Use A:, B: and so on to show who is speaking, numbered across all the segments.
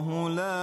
A: الله لا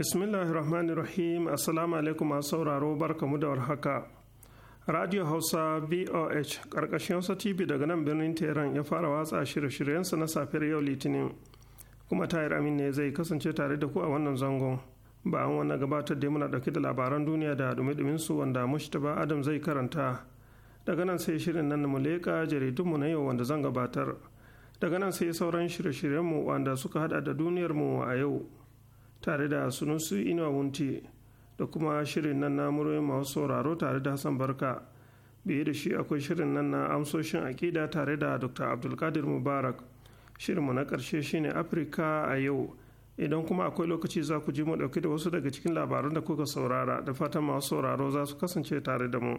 B: rahim assalamu alaikum masu sauraro barkamu da warhaka radio hausa voh karkashin hausa tv daga nan birnin tehran ya fara watsa shirye-shiryensa shiryen na safiyar yau litinin kuma tahir amin ne zai kasance tare da ku a wannan zangon ba an wannan gabatar da muna dauke da labaran duniya da dumi su wanda mushtaba adam zai karanta daga nan sai shirin nan mu leƙa jaridunmu na yau wanda zan gabatar daga nan sai sauran shirye-shiryenmu wanda suka hada da duniyarmu a yau tare da sunansu ina wunti da kuma shirin nan na muryoyin masu sauraro tare da hassan barka biye da shi akwai shirin nan na amsoshin aƙida tare da dr abdulkadir mubarak shirinmu na ƙarshe shine afirka a yau idan kuma akwai lokaci za ku ji mu ɗauki da wasu daga cikin labaran da kuka saurara da fatan masu sauraro za su kasance tare da mu.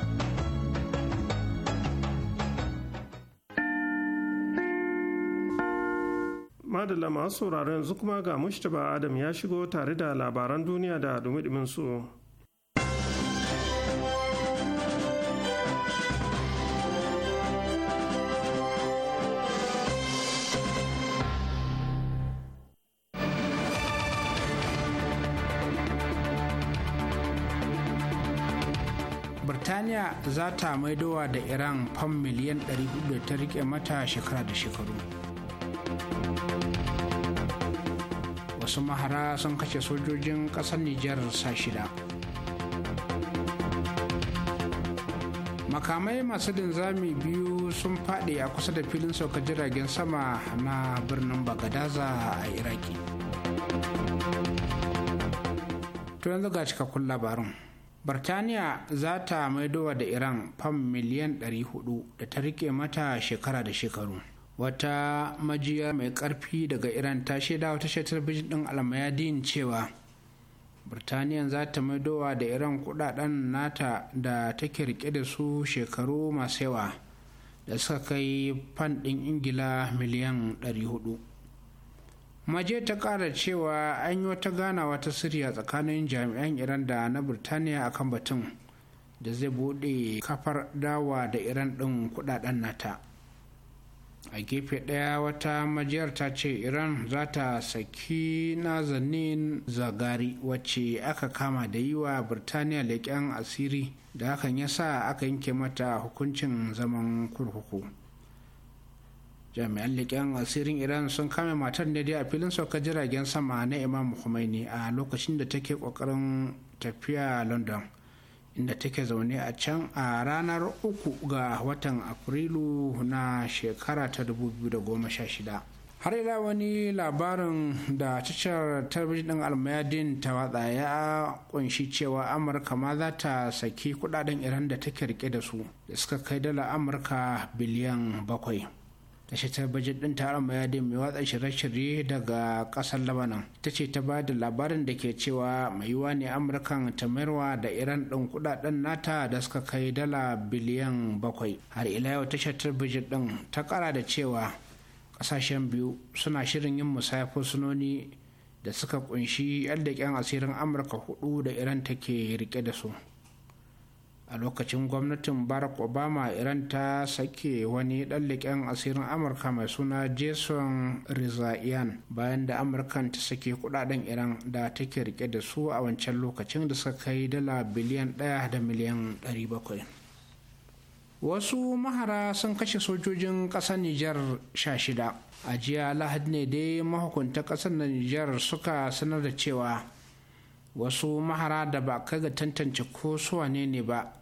B: madalla masu sauraron yanzu kuma ga mushtaba adam ya shigo tare da labaran duniya da dumi su.
C: Birtaniya za ta maidowa da Iran fam miliyan 400 ta rike mata shekara da shekaru. wasu mahara sun kashe sojojin ƙasar nijar sa shida makamai masu linzami biyu sun faɗi a kusa da filin sauka jiragen sama na birnin bagadaza a iraki to yanzu ga cikakkun labarin Birtaniya za ta maidowa da Iran fam miliyan 400 da ta rike mata shekara da shekaru. wata majiya mai karfi daga iran ta shaida wata talabijin din almayadin cewa birtaniya za ta maidowa da iran kudaden nata da ta rike da su shekaru masu yawa da suka kai fan din ingila miliyan 400 maje ta kara cewa an yi wata ganawa ta siriya tsakanin jami'an iran da na birtaniya akan batun da zai bude kafar dawa da iran din kudaden nata a gefe ɗaya wata majiyar ta ce iran za ta saki nazanin zagari wacce aka kama da yi wa birtaniya leƙen asiri da hakan ya sa aka yanke mata hukuncin zaman kurkuku jami'an leƙen asirin iran sun kame matar ne dai a filin sauka jiragen sama na imam khomeini a lokacin da take ƙoƙarin tafiya london inda take zaune a can a ranar uku ga watan afrilu na shekara ta 2016 har ila wani labarin da tashar talabijin ɗin almayadin ta watsa ya kunshi cewa amurka ma za ta saki kudaden iran da take rike da su da suka kai dala amurka biliyan bakwai tashar talabijin din taron mayadin mai watsa shirye-shirye daga kasar labanan ta ce ta ba da labarin da ke cewa mai yiwa ne amurkan ta mayarwa da iran din kudaden nata da suka kai dala biliyan bakwai har ila yau tashar talabijin din ta kara da cewa kasashen biyu suna shirin yin musaya fursunoni da suka kunshi yan asirin amurka hudu da iran take rike da su a lokacin gwamnatin barack obama iran ta sake wani ɗan asirin amurka mai suna jason rizaian bayan da amurkan ta sake kudaden iran da take rike da su a wancan lokacin da suka kai dala biliyan ɗaya da miliyan 700 wasu mahara sun kashe sojojin ƙasar nijar shida a jiya lahadi ne dai mahukunta ƙasar nijar suka sanar da cewa wasu mahara da ba kai ga tantance ko su ne ba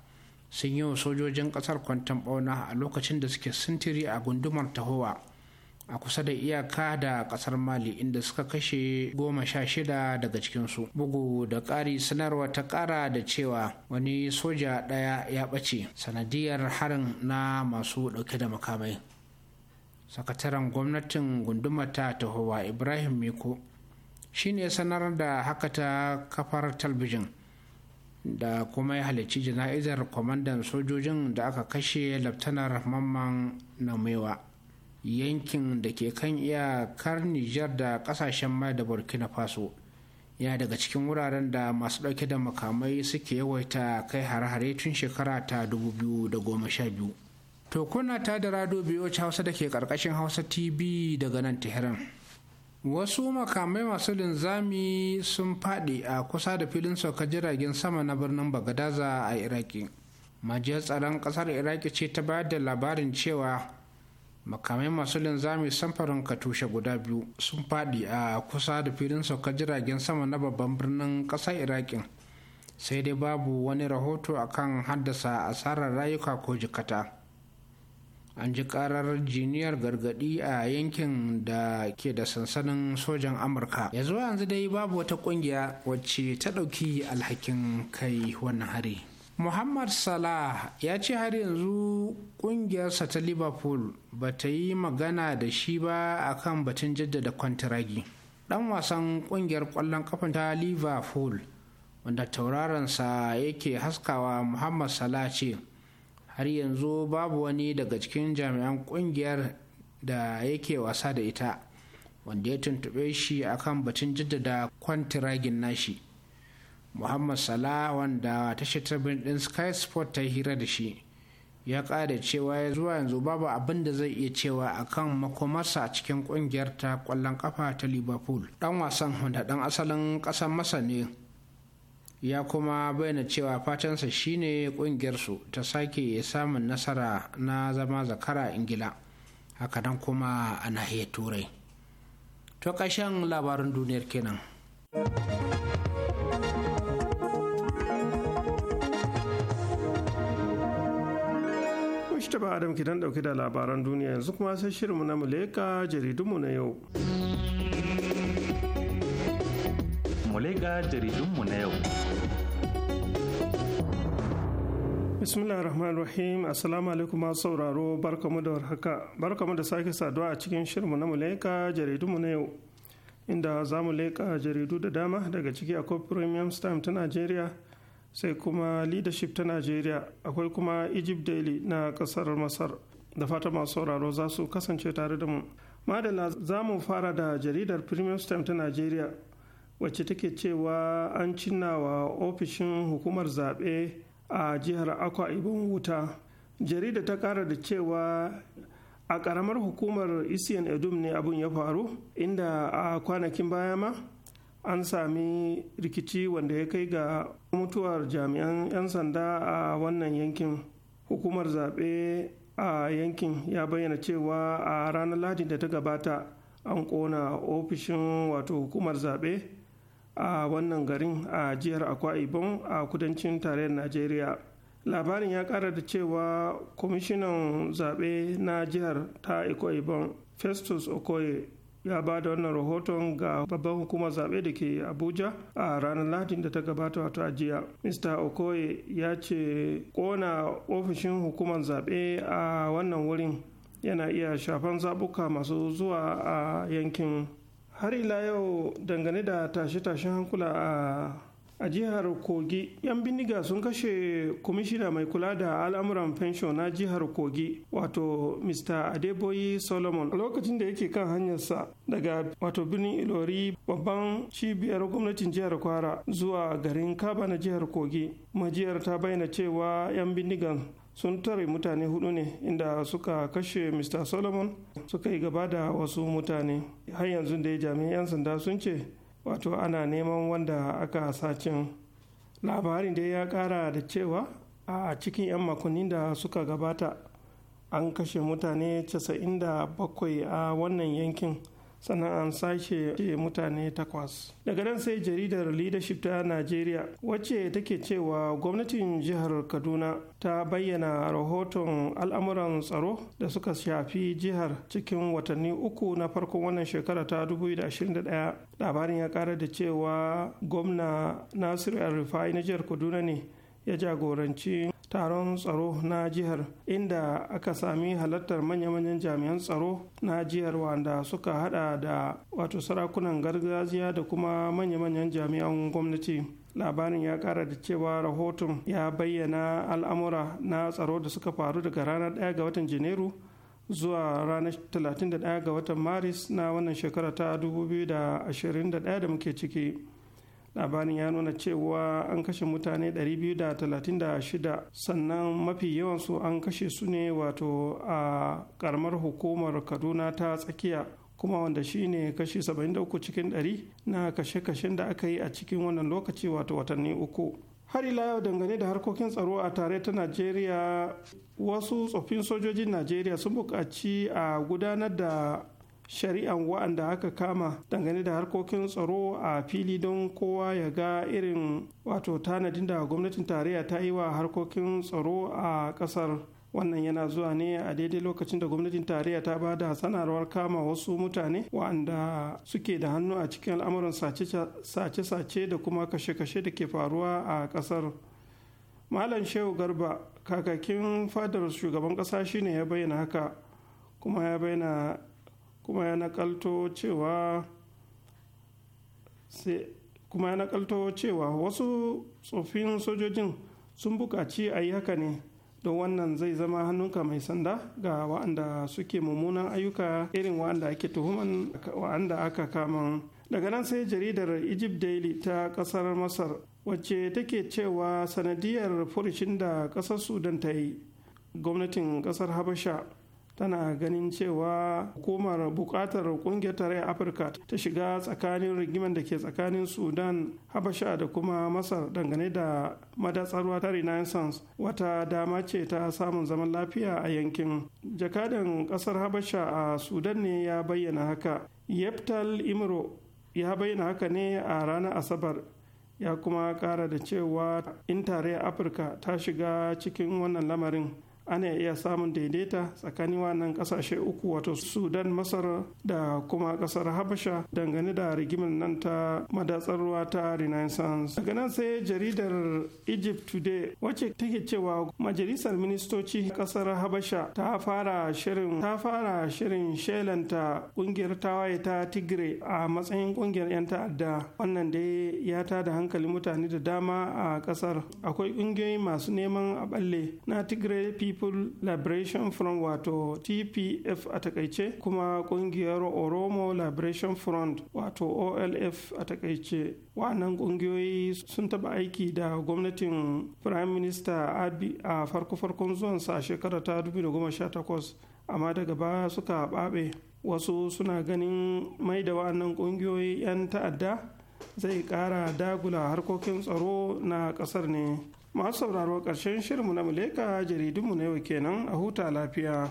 C: sun yi wa sojojin kasar kwantan bauna a lokacin da suke sintiri a gundumar tahowa a kusa da iyaka da kasar mali inda suka kashe goma sha shida daga cikinsu bugu da ƙari sanarwa ta ƙara da cewa wani soja ɗaya ya ɓace sanadiyar harin na masu ɗauke da makamai sakataren gwamnatin Gunduma ta tahowa ibrahim miko shine sanar da haka ta kafar talbijin da kuma ya halarci jana'izar kwamandan sojojin da aka kashe laftanar mamman namewa yankin da ke kan iyakar nijar da kasashen mai da burkina faso yana daga cikin wuraren da masu ɗauke da makamai suke yawaita kai hare-hare tun shekara ta 2012 to kuna ta da rado biyu hausa da ke ƙarƙashin hausa tv daga nan tehran wasu makamai masu linzami sun faɗi a kusa da filin sauka jiragen sama na birnin bagadaza a iraki majiyar tsaron ƙasar iraki ce ta bayar da labarin cewa makamai masu linzami samfarin katushe guda biyu sun faɗi a kusa da filin sauka jiragen sama na babban birnin ƙasar iraki sai dai babu wani rahoto akan haddasa asarar rayuka ko jikata. an ji karar jiniyar gargadi a yankin da ke da sansanin sojan amurka ya zuwa yanzu dai babu wata kungiya wacce ta ɗauki alhakin kai wannan hari muhammad salah ya ce har yanzu kungiyarsa ta liverpool ba ta yi magana da shi ba akan batun jaddada kwantiragi dan wasan kungiyar kwallon kafin ta liverpool wanda tauraronsa yake haskawa muhammad salah ce har yanzu babu wani daga cikin jami'an kungiyar da yake wasa da ita wanda ya tuntube shi akan batun jaddada kwantiragin nashi muhammad salah wanda tashar tabin din sky sport ta hira da shi ya kada cewa ya zuwa yanzu babu abin da zai iya cewa akan makomarsa a cikin kungiyar ta kwallon kafa ta liverpool dan wasan wanda dan asalin kasar masa ne ya kuma bayyana cewa fatansa shine kungiyarsu ta sake samun nasara na zama zakara ingila hakanan kuma a nahiyar turai to kashen labarin duniyar kenan
B: ba Adam kidan dauke da labaran duniya yanzu kuma sai shirinmu na muleka jaridunmu na
D: yau. mulega jaridunmu na yau.
B: bismillah rahman rahim assalamu alaikum masu sauraro barkamu da warhaka barkamu da sake saduwa a cikin shirinmu na muleka jaridunmu na yau inda za mu leƙa jaridu da dama daga ciki akwai premium stamp ta najeriya sai kuma leadership ta najeriya akwai kuma egypt daily na ƙasar masar da fata masu sauraro za su kasance tare da mu madalla za mu fara da jaridar premium stamp ta najeriya wacce take cewa an cinnawa ofishin hukumar zaɓe a jihar akwa ibom wuta jarida ta ƙara da cewa a ƙaramar hukumar isiyan edum ne abun ya faru inda a kwanakin baya ma an sami rikici wanda ya kai ga mutuwar jami'an 'yan sanda a wannan yankin hukumar zaɓe a yankin ya bayyana cewa a ranar ladin da ta gabata an kona ofishin wato hukumar zaɓe a wannan garin a jihar akwa ibom a kudancin tarayyar najeriya labarin ya kara da cewa kwamishinan zaɓe na jihar ta akwa ibom festus okoye ya ba da wannan rahoton ga babban hukumar zaɓe da ke abuja a ranar latin da ta gabata wato a jiya mr okoye ya ce kona ofishin hukumar zaɓe a wannan wurin yana iya shafan zaɓuka masu zuwa a yankin har ila yau dangane da tashe-tashen hankula a jihar kogi yan bindiga sun kashe kwamishina mai kula da al'amuran fensho na jihar kogi wato mr adeboyi solomon a lokacin da yake kan hanyarsa daga wato birnin ilori babban cibiyar gwamnatin jihar kwara zuwa garin kaba na jihar kogi majiyar ta bayyana cewa yan bindigan sun tare mutane hudu ne inda suka kashe mr solomon suka yi gaba da wasu mutane har yanzu da jami'an 'yan sanda sun ce wato ana neman wanda aka sace. labarin dai ya kara da cewa a cikin 'yan makonnin da suka gabata an kashe mutane 97 a wannan yankin sannan an sake mutane takwas daga nan sai jaridar leadership ta najeriya wacce take cewa gwamnatin jihar kaduna ta bayyana rahoton al'amuran tsaro da suka shafi jihar cikin watanni uku na farkon wannan shekara ta 2021 labarin ya kara da cewa gwamna nasiru rufai na jihar kaduna ne ya jagoranci taron tsaro na jihar inda aka sami halartar manya-manyan jami'an tsaro na jihar wanda suka hada da wato sarakunan gargajiya da kuma manya-manyan jami'an gwamnati labarin ya kara da cewa rahoton ya bayyana al'amura na tsaro da suka faru daga ranar 1 ga watan janairu zuwa ranar 31 ga watan maris na wannan shekara ta 2021 da muke ciki. labarin ya nuna cewa an kashe mutane 236 sannan mafi yawansu an kashe su ne wato a karamar hukumar kaduna ta tsakiya kuma wanda shi shine kashi 73 cikin 100 na kashe-kashen da aka yi a cikin wannan lokaci wato watanni uku har ila yau dangane da harkokin tsaro a tare ta najeriya wasu tsoffin sojojin najeriya sun buƙaci a gudanar da shari'an wa'anda aka kama dangane da harkokin tsaro a fili don kowa ya ga irin wato tanadin da gwamnatin tarayya ta yi wa harkokin tsaro a kasar wannan yana zuwa ne a daidai lokacin da gwamnatin tarayya ta ba da sanarwar kama wasu mutane waɗanda suke da hannu a cikin al'amuran sace-sace da kuma kashe-kashe da ke faruwa a ƙasar malam shehu garba kakakin fadar shugaban ƙasa shine ya bayyana haka kuma ya bayyana kuma ya nakalto cewa wasu tsoffin sojojin sun bukaci a yi haka ne don wannan zai zama hannunka mai sanda ga wa'anda suke mummunan ayyuka irin wa'anda ake tuhuman wa'anda aka kama daga nan sai jaridar egypt daily ta ƙasar masar wacce take cewa sanadiyar furishin da kasar sudan ta yi gwamnatin ƙasar habasha tana ganin cewa hukumar bukatar kungiyar tarayyar afirka ta shiga tsakanin rigimar da ke tsakanin sudan habasha da kuma masar dangane da madatsarwa ta renaissance wata dama ce ta samun zaman lafiya a yankin jakadan ƙasar habasha a sudan ne ya bayyana haka yeptal imro ya bayyana haka ne a ranar asabar ya kuma kara da cewa in tarayyar afirka ta shiga cikin wannan lamarin ana iya samun daidaita tsakanin wannan kasashe uku wato sudan masar da kuma kasar habasha dangane da rigimar nan ta madatsar ruwa ta renaissance daga nan sai jaridar egypt today wacce take cewa majalisar ministoci kasar habasha ta fara shirin ta fara shirin shelanta kungiyar tawaye ta tigre a matsayin kungiyar 'yan ta'adda wannan dai ya ta da hankali mutane da dama a kasar akwai kungiyoyi masu neman a balle na tigre people people liberation front wato tpf a takaice kuma kungiyar oromo liberation front wato olf a takaice wa'annan kungiyoyi sun taba aiki da gwamnatin prime minister abi a farko-farkon zuwansa a shekara ta 2018 amma daga baya suka babe wasu suna ganin mai da wa'annan kungiyoyi 'yan ta'adda zai kara dagula harkokin tsaro na kasar ne masu sauraro ƙarshen shirinmu na muleka jaridunmu na yau kenan a huta lafiya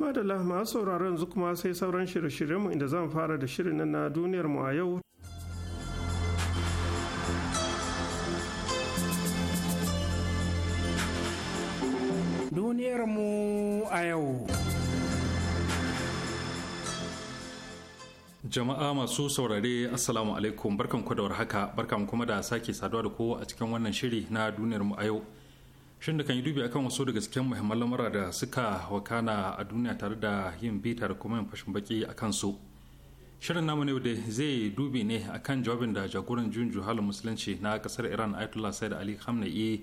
B: madalla masu sauraron yanzu kuma sai sauran shirye-shiryenmu inda zan fara da shirin na duniyarmu a yau
C: a yau.
D: Jama'a masu saurare Assalamu alaikum barkan ku da warhaka barkan kuma da sake saduwa da kowa a cikin wannan shiri na duniyar mu a yau. Shin da kan yi dubi akan wasu daga cikin muhimman lamura da suka wakana a duniya tare da yin bita da kuma yin fashin baki a kansu. Shirin namu ne da zai dubi ne akan jawabin da jagoran juyin juhalin musulunci na kasar Iran Ayatollah Said Ali Khamenei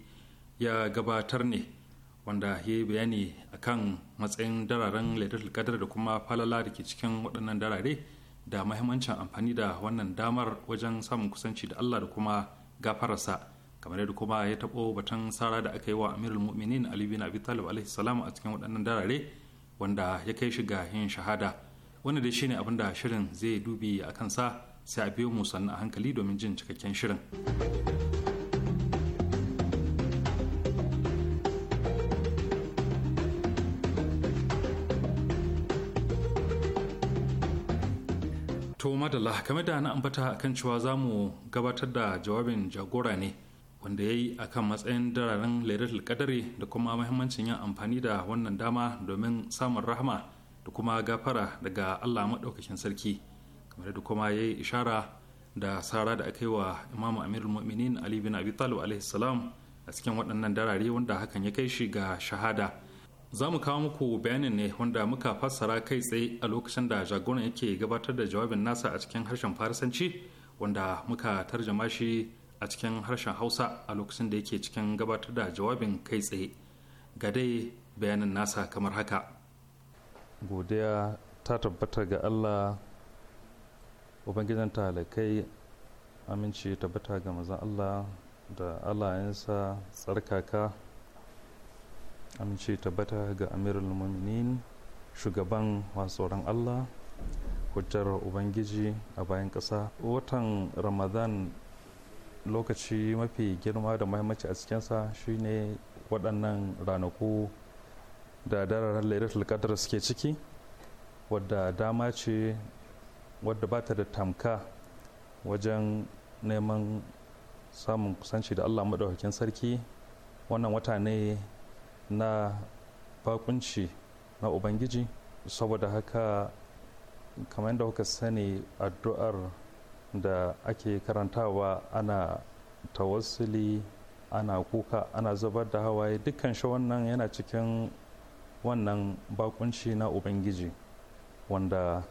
D: ya gabatar ne wanda ya yi bayani a kan matsayin dararen laidatul kadar da kuma falala da ke cikin waɗannan darare da mahimmancin amfani da wannan damar wajen samun kusanci da Allah da kuma gafararsa kamar yadda kuma ya taɓo batun sara da aka yi wa amirul mu'minin ali bin abi talib alaihi salam a cikin waɗannan darare wanda ya kai shi ga yin shahada wanda dai shine abin da shirin zai dubi a kansa sai a biyo mu sannan a hankali domin jin cikakken shirin madalla kamar da na ambata kan cewa za mu gabatar da jawabin jagora ne wanda ya yi akan matsayin dararen laidatul kadari da kuma mahimmancin yin amfani da wannan dama domin samun rahama da kuma gafara daga allah maɗaukakin sarki kamar da kuma ya yi ishara da sara da aka yi wa imamu amirul mu'minin ali bin abi talib alaihi salam a cikin waɗannan darare wanda hakan ya kai shi ga shahada za mu kawo muku bayanin ne wanda muka fassara kai tsaye a lokacin da jagoran yake gabatar da jawabin nasa a cikin harshen farisanci wanda muka tarjama shi a cikin harshen hausa a lokacin da yake cikin gabatar da jawabin kai tsaye ga dai bayanin nasa kamar haka godiya ta tabbata ga allah ubangijin talakai aminci tabbata ga maza allah da allah tsarkaka amince tabbata ga amirul muminin shugaban tsoron allah hujjar ubangiji a bayan ƙasa watan ramadan lokaci mafi girma da mahimmanci a cikinsa shine waɗannan ranaku da da lailatul qadr suke ciki wadda dama ce wadda ba ta da tamka wajen neman samun kusanci da allah maɗaukakin sarki wannan wata ne na bakunci na ubangiji saboda haka kamar yadda kuka sani addu'ar da ake karantawa ana tawassuli ana kuka ana zubar da hawaye dukkan shi wannan yana cikin wannan bakunci na ubangiji wanda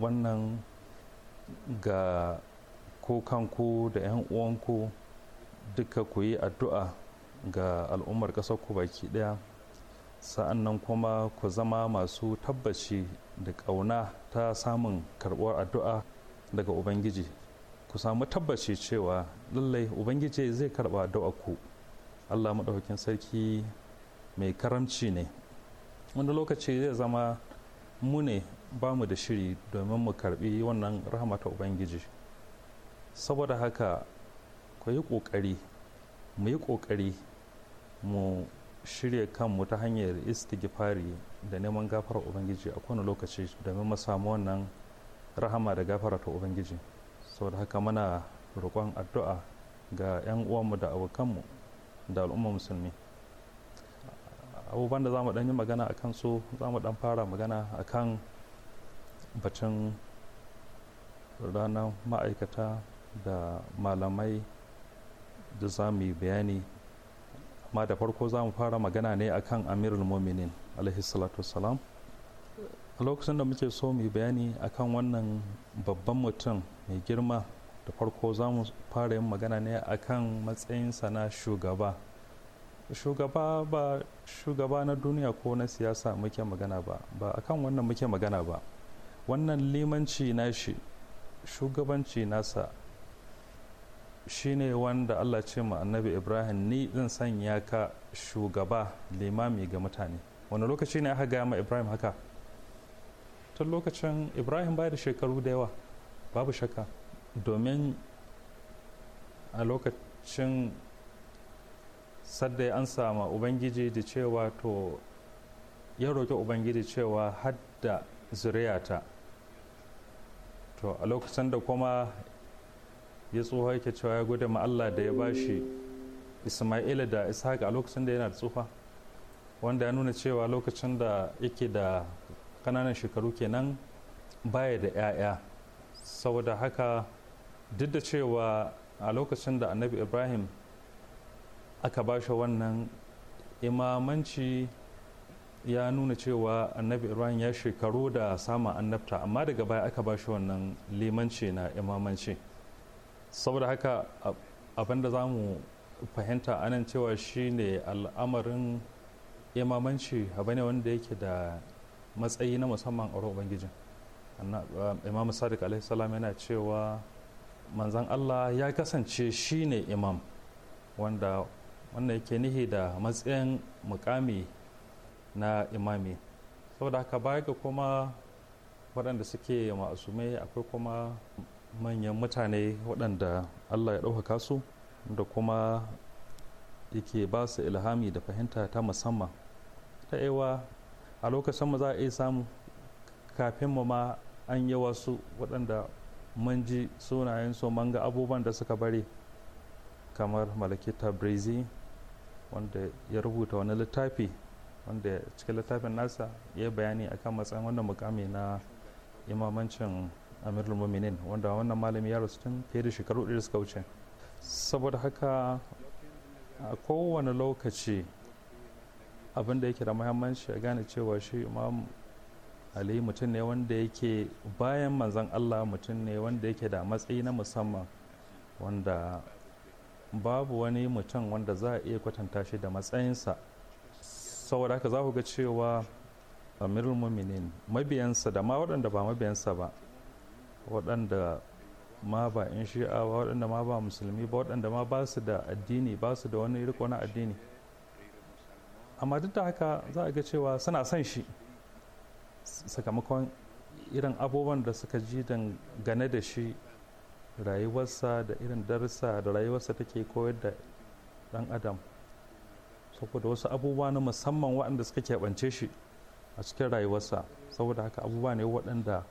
D: wannan ga kukanku da 'yan uwanku duka ku yi addu'a ga al'ummar ƙasar ku baki ɗaya sa'an nan kuma ku zama masu tabbaci da ƙauna ta samun karɓuwar addu'a daga ubangiji ku samu tabbaci cewa lallai ubangiji zai karɓa addu'a ku allah maɗaukakin sarki mai karamci ne wani lokaci zai zama mu ne ba mu da shiri domin mu karɓi wannan rahama ta ubangiji saboda haka ku yi ƙoƙari mu yi ƙoƙari mu shirya kanmu ta hanyar istighfari da neman gafara ubangiji a kowane lokaci domin mu samu wannan rahama da gafara ta ubangiji saboda haka muna roƙon addu'a ga 'yan uwanmu da abokanmu da al'umma musulmi abubuwan da za mu ɗan yi magana a kansu za mu ɗan fara magana a kan bacin ranar ma'aikata da malamai da za mu yi bayani amma da farko za mu fara magana ne akan amirul muminin alaihi salatu wasalam a lokacin da muke so mu bayani akan wannan babban mutum mai girma da farko za mu fara yin magana ne akan matsayinsa na shugaba shugaba ba shugaba na duniya ko na siyasa muke magana ba ba akan wannan muke magana ba wannan limanci nashi shugabanci nasa shine wanda allah ce ma annabi ibrahim ni zan sanya ka shugaba limami ga mutane wani lokaci ne aka gaya ma ibrahim haka tun lokacin ibrahim bai da shekaru da yawa babu shaka. domin a lokacin sadda an sama ubangiji da cewa to ya roƙi ubangiji cewa hadda zuriyata to a lokacin da kuma ya tsoho yake cewa ya gode ma Allah da ya bashi Isma'ila da Ishaq a lokacin da yana da tsufa wanda ya nuna cewa lokacin da yake da kananan shekaru kenan baya da 'ya'ya saboda haka duk da cewa a lokacin da annabi ibrahim aka ba shi wannan imamanci ya nuna cewa annabi ibrahim ya shekaru da sama annabta amma daga baya aka ba shi wannan limanci na imamanci saboda haka abin da za mu fahimta anan cewa shine al'amarin imamanci abu ne wanda yake da matsayi na musamman a ubangijin imam sadiq alaihi salam yana cewa manzan allah ya kasance shine imam wanda wannan yake nihi da matsayin mukami na imami saboda haka baya ga kuma waɗanda suke ma'asumai akwai kuma manyan mutane waɗanda allah ya ɗaukaka su da kuma yake ba su ilhami da fahimta ta musamman ta yawa a lokacin mu za a iya samu kafin mu ma an yi wasu waɗanda mun ji sunayen su manga abubuwan da suka bari kamar malaki tabrizi wanda ya rubuta wani littafi wanda cikin littafin nasa ya bayani akan matsayin wannan mukami na imamancin amirul muminin wanda wannan malami ya rasu tun fiye da shekaru ɗaya suka wuce saboda haka a kowane lokaci abin da yake da muhimmanci a gane cewa shi imam ali mutum ne wanda yake bayan manzan allah mutum ne wanda yake da matsayi na musamman wanda babu wani mutum wanda za a iya kwatanta shi da matsayinsa saboda haka za ku ga cewa amirul muminin mabiyansa da ma waɗanda ba mabiyansa ba waɗanda ma ba in shi'a ba waɗanda ma ba musulmi ba waɗanda ma ba su da addini ba su da wani riko na addini amma duk da haka za a ga cewa suna son shi sakamakon irin abubuwan da suka ji dangane da shi rayuwarsa da irin darsa da rayuwarsa take koyar da ɗan adam saboda wasu abubuwa na musamman waɗanda suka keɓance shi a cikin rayuwarsa saboda haka abubuwa ne waɗanda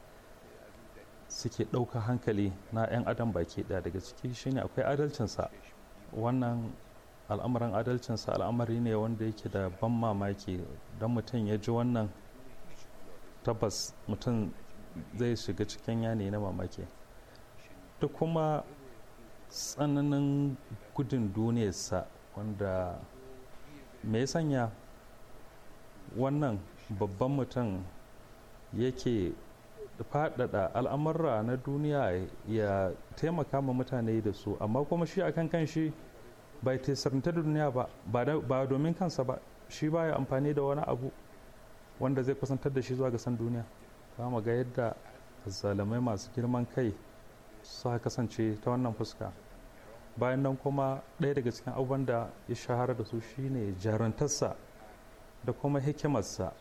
D: suke ɗauka hankali na 'yan adam baki ɗaya daga ciki shine akwai adalcinsa wannan al'amuran adalcinsa al'amari ne wanda yake da ban mamaki don mutum ya ji wannan tabbas mutum zai shiga cikin yanayi na mamaki ta kuma tsananin gudun duniyarsa wanda mai sanya wannan babban mutum yake faɗaɗa al'amurra na duniya ya taimaka ma mutane da su amma kuma shi akan kan shi bai tesaranta da duniya ba ba domin kansa ba shi ba ya amfani da wani abu wanda zai kusantar da shi zuwa ga san duniya kama ga yadda zalamai masu girman kai su ha kasance ta wannan fuska bayan nan kuma ɗaya daga cikin abubuwan da ya shahara da su shine jaruntarsa da kuma hikimarsa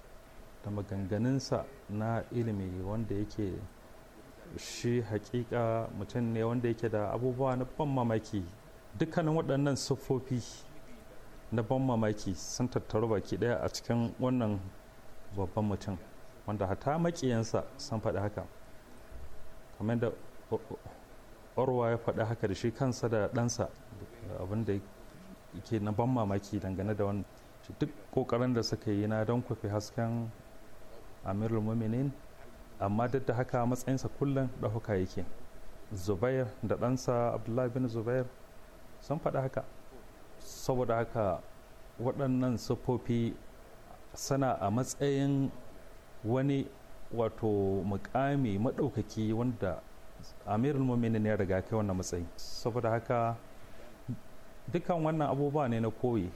D: da maganganunsa na ilimi wanda yake shi hakika mutum ne wanda yake da abubuwa na ban mamaki dukkanin waɗannan siffofi na ban mamaki sun tattaru baki ɗaya a cikin wannan babban mutum wanda hata makiyansa sun faɗi haka kamar da orwa ya faɗi haka da shi kansa da ɗansa abinda yake na ban mamaki dangane da wannan duk ƙoƙarin da suka yi na don kwafi hasken amirul muminin amma duk da haka matsayinsa kullum ɗaukaka yake zubair da ɗansa abdullahi bin zubair sun faɗi haka saboda haka waɗannan siffofi sana a matsayin wani wato mukami maɗaukaki wanda amirul muminin ya riga kai wannan matsayi saboda haka dukkan wannan abubuwa ne na koyi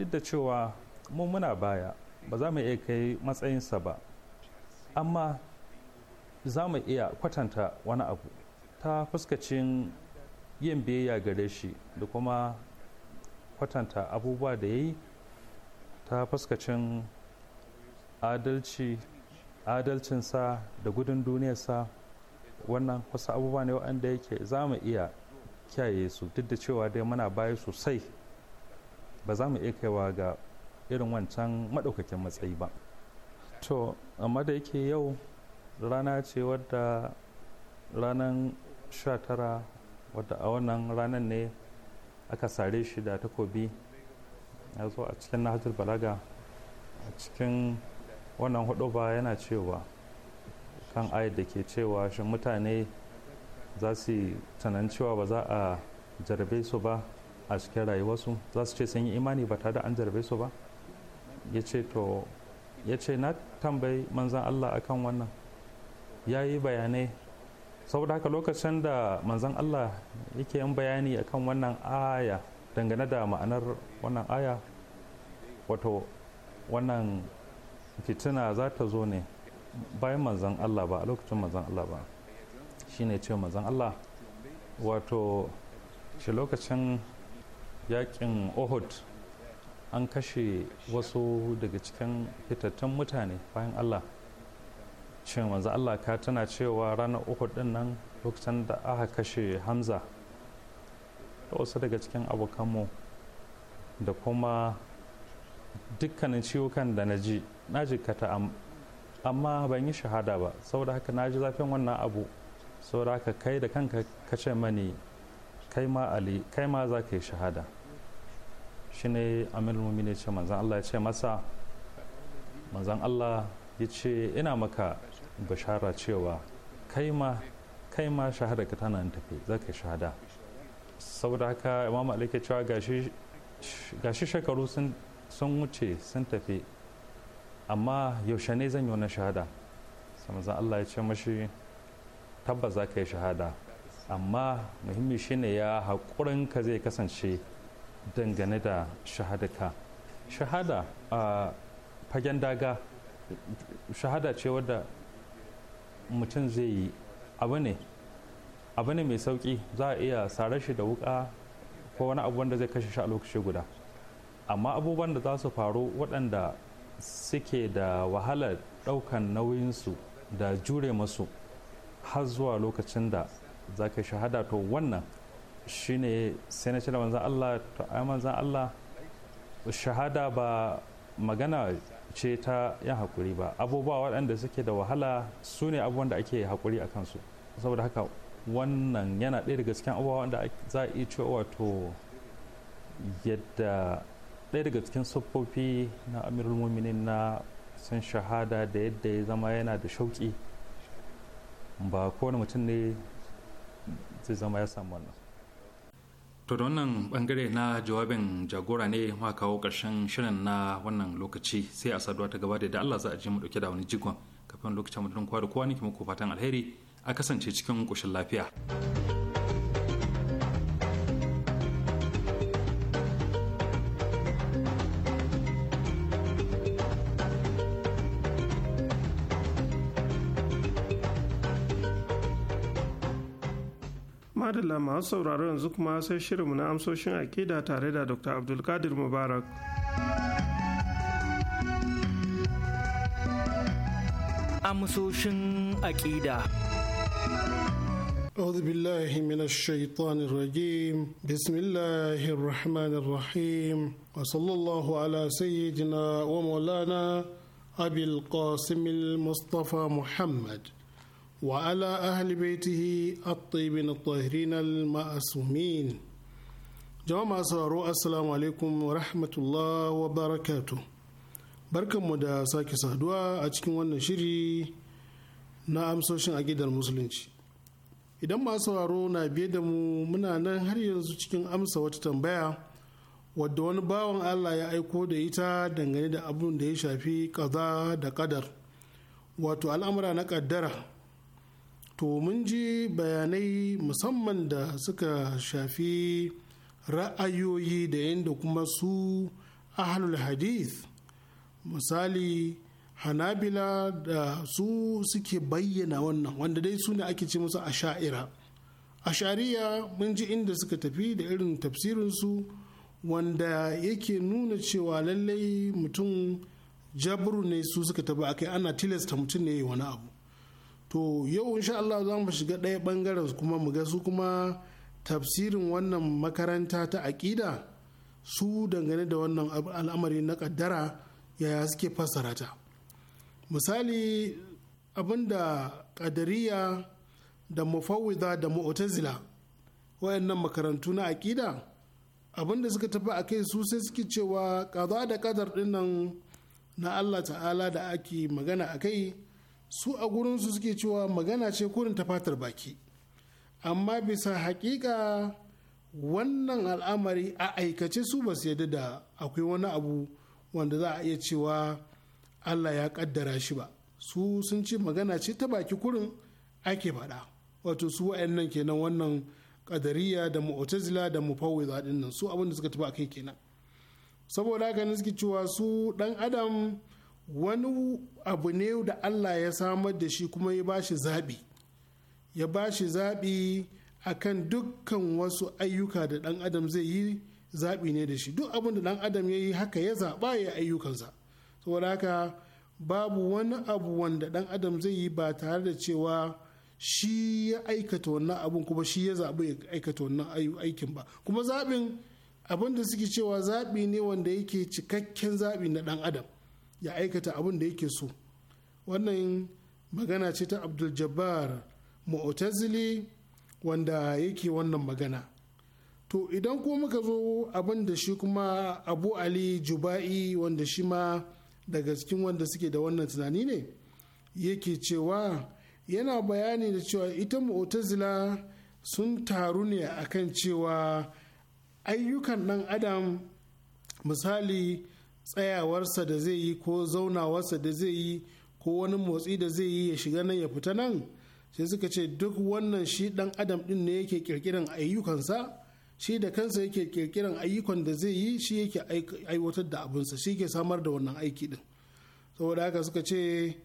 D: duk da cewa mu muna baya ba za mu iya kai matsayinsa ba amma za mu iya kwatanta wani abu ta fuskacin yin biyayya gare shi da kuma kwatanta abubuwa da ya yi ta fuskacin adalci adalcinsa da gudun duniyarsa wannan wasu abubuwa ne waɗanda yake za mu iya kyaye su duk da cewa dai muna bayi sosai ba za mu iya kaiwa ga irin wancan maɗaukakin matsayi ba to amma da yake yau rana ce wadda ranar 19 wadda a wannan ranar ne aka sare shi da takobi ya zo a cikin nahajar balaga a cikin wannan hudu ba yana cewa kan ayat da ke cewa shi mutane za su tunan cewa ba za a jarabe su ba a cikin rayuwarsu za su ce sun yi imani ba tare da an jarabe su ba ya ce to ya ce na tambayi manzan allah akan wannan ya yi bayanai saboda haka lokacin da manzan allah yake yin bayani akan wannan aya dangane da ma'anar wannan aya wato wannan fitina za ta zo ne bayan manzan allah ba a lokacin manzan allah ba shine ce manzan allah wato shi lokacin yakin ohud an kashe wasu daga cikin fitattun mutane bayan allah ce manzo allah ka tana cewa ranar uku din nan lokacin da aka kashe hamza da wasu daga cikin abokanmu da kuma dukkanin ciwukan da na ji na jikata amma ban yi shahada ba saboda haka na ji zafin wannan abu saboda haka kai da kanka kace mani kai ma ali kai ma za ka yi shahada ne amir mumini ce manzan Allah ya ce masa manzan Allah ya ce ina maka bashara cewa kai ma kai ma shahada ka tana tafi za ka shahada saboda haka imam ali ke cewa gashi shekaru sun wuce sun tafi amma yaushe ne zan yi wani shahada zan Allah ya ce mashi tabbas za ka yi shahada amma muhimmi shine ya haƙurin ka zai kasance dangane da shahadaka shahada a fagen daga shahada ce wadda mutum zai yi abu ne abu ne mai sauki za a iya sare shi da wuka ko wani abu wanda zai kashe shi a lokaci guda amma abubuwan da za su faru waɗanda suke da wahalar ɗaukan nauyinsu da jure masu har zuwa lokacin da za ka shahada to wannan shine sai na ce manzan Allah to ai manzan Allah shahada ba magana ce ta yan hakuri ba abubuwa waɗanda suke da wahala su ne abubuwan da ake hakuri a kansu saboda haka wannan yana ɗaya daga cikin abubuwa wanda za a iya cewa wato yadda ɗaya daga cikin siffofi na amirul muminin na san shahada da yadda ya zama yana da shauƙi ba kowane mutum ne zai zama ya samu wannan to da wannan bangare na jawabin jagora ne ma kawo ƙarshen shirin na wannan lokaci sai a saduwa ta gaba da da Allah za a je mu dauke da wani jigon kafin lokacin mutum kwa da kowa nake muku fatan alheri a kasance cikin ƙoshin lafiya.
B: masu sauraro yanzu kuma sai shirinmu na amsoshin aƙida tare da dr abdulkadir mubarak
E: amsoshin aƙida
F: أعوذ بالله من الشيطان الرجيم بسم الله الرحمن الرحيم وصلى الله على سيدنا ومولانا أبي القاسم المصطفى محمد وعلى أهل بيته الطيبين الطاهرين المأسومين جماعة سارو السلام عليكم ورحمة الله وبركاته barkan mu da sake saduwa a cikin wannan shiri na amsoshin gidan musulunci idan masu sauraro na biye da mu muna nan har yanzu cikin amsa wata tambaya wadda wani bawan allah ya aiko da ita dangane da abun da ya shafi kaza da kadar wato al'amura na kaddara to mun ji bayanai musamman da suka shafi ra'ayoyi da yadda kuma su ahlul hadith misali hanabila da su suke bayyana wannan wanda dai su ne ake ce musu a a shari'a mun ji inda suka tafi da irin tafsirinsu wanda yake nuna cewa lallai mutum jabru ne su suka tafi kai ana tilasta mutum ne wani abu to yau insha Allah za mu shiga ɗaya ɓangaren kuma mu ga su kuma tafsirin wannan makaranta ta aƙida su dangane da wannan al'amari na ƙaddara yaya suke fassara ta misali abinda ƙadariya da mufawwida da mu'tazila wayannan makarantu na aƙida abinda suka tafi a kai su sai suke cewa ƙaza da ƙadar dinnan na Allah ta'ala da ake magana a kai su a gurinsu suke cewa magana ce kurin ta fatar baki amma bisa haƙiƙa wannan al'amari a aikace su ba su yadda da akwai wani abu wanda za a iya cewa allah ya ƙaddara shi ba su sun ce magana ce ta baki kurin ake faɗa wato su wa'annan kenan wannan kadariya da mu'tazila da mufawwiza din nan su abin da suka tafi akai kenan saboda haka suke cewa su ɗan adam wani abu ne da Allah ya samar da shi kuma ya ba shi zaɓi ya ba shi zaɓi a kan dukkan wasu ayyuka da ɗan adam zai yi zaɓi ne da shi duk abin da ɗan adam ya yi haka ya zaɓa ya ayyukansa saboda haka babu wani abu wanda ɗan adam zai yi ba tare da cewa shi ya aikata wannan abun kuma shi ya zaɓi ya aikata wannan aikin ba kuma zaɓin abin da suke cewa zaɓi ne wanda yake cikakken zaɓi na ɗan adam ya aikata abin da yake so wannan magana ce ta abdul jabbar mu'tazili wanda yake wannan magana to idan ko muka zo abin da shi kuma abu ali juba'i wanda shi ma daga cikin wanda suke da wannan tunani ne yake cewa yana bayani da cewa ita mu'tazila sun taru ne akan cewa ayyukan ɗan adam misali tsayawarsa da zai yi ko zaunawarsa da zai yi ko wani motsi da zai yi ya shiga nan ya fita nan sai suka ce duk wannan shi dan adam din ne yake kirkiran ayyukansa shi da kansa yake kirkiran ayyukan da zai yi shi yake aiwatar da abinsa shi ke samar da wannan aiki din saboda haka suka ce